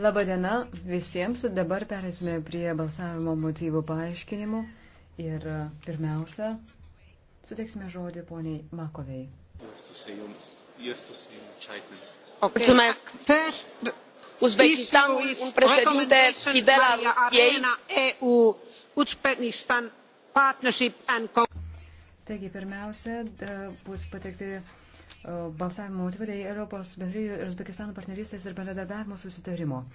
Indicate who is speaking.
Speaker 1: Labadiena visiems. Dabar perėsime prie balsavimo motyvų paaiškinimų. Ir e, pirmiausia, suteiksime žodį poniai Makovei.
Speaker 2: Mulțumesc.
Speaker 1: Uzbekistanul un președinte
Speaker 3: fidel al ei.
Speaker 4: EU, Uzbekistan Partnership
Speaker 5: and Taigi, pirmiausia, e, bus pateikti balsavimo tvariai Europos bendrijų ir Uzbekistano partnerystės ir bendradarbiavimo susitarimo.